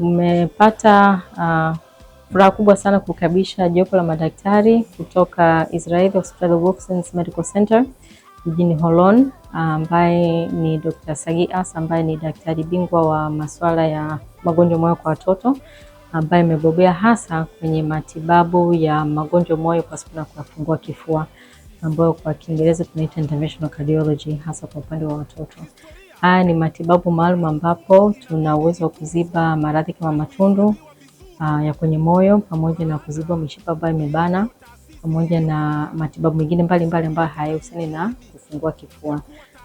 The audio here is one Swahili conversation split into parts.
Tumepata uh, furaha kubwa sana kukabisha jopo la madaktari kutoka Israeli Hospital of Wolfson's Medical Center jijini Holon, ambaye uh, ni Dr. Sagi as ambaye ni daktari bingwa wa masuala ya magonjwa moyo kwa watoto ambaye amebobea hasa kwenye matibabu ya magonjwa moyo pasipo na kufungua kifua ambayo kwa Kiingereza tunaita interventional cardiology hasa kwa upande wa watoto. Haya ni matibabu maalum ambapo tuna uwezo wa kuziba maradhi kama matundu aa, ah, ya kwenye moyo pamoja na kuziba mishipa ambayo imebana pamoja na matibabu mengine mbalimbali ambayo hayahusiani na kufungua kifua.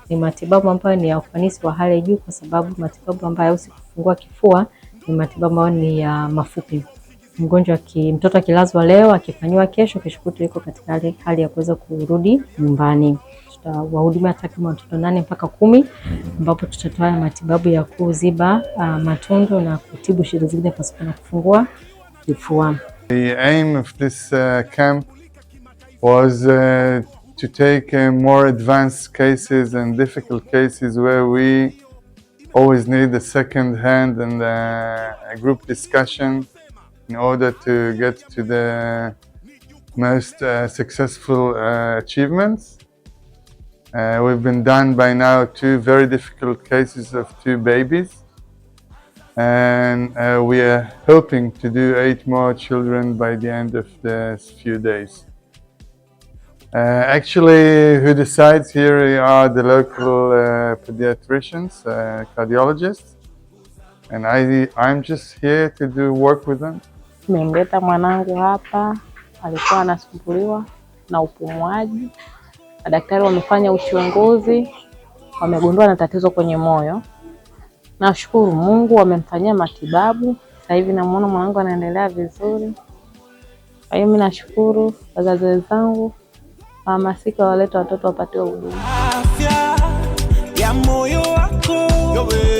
Ni matibabu ambayo ni ya ufanisi wa hali ya juu, kwa sababu matibabu ambayo hayahusi kufungua kifua ni matibabu ambayo ni ya uh, mafupi. Mgonjwa ki, mtoto akilazwa leo akifanyiwa kesho, kesho kutwa yuko katika hali ya kuweza kurudi nyumbani. takriban watoto nane mpaka kumi ambapo tutatoa matibabu ya kuziba ah, matundu na kutibu shida zingine pasipo na kufungua kifua. The aim of this uh, camp was uh, to take uh, more advanced cases and difficult cases where we always need a second hand and uh, a group discussion in order to get to the most uh, successful uh, achievements. Uh, we've been done by now two very difficult cases of two babies. And uh, we are hoping to do eight more children by the end of the few days. Uh, actually, who decides here are the local uh, pediatricians, uh, cardiologists, and I, I'm just here to do work with them. Nimemleta mwanangu hapa, alikuwa anasumbuliwa na upumuaji Madaktari wamefanya uchunguzi, wamegundua na tatizo kwenye moyo. Nashukuru Mungu wamemfanyia matibabu. Sasa hivi namuona mwanangu anaendelea vizuri. Kwa hiyo mimi nashukuru wazazi wenzangu, wahamasika waleta watoto wapatiwe huduma afya ya moyo wako.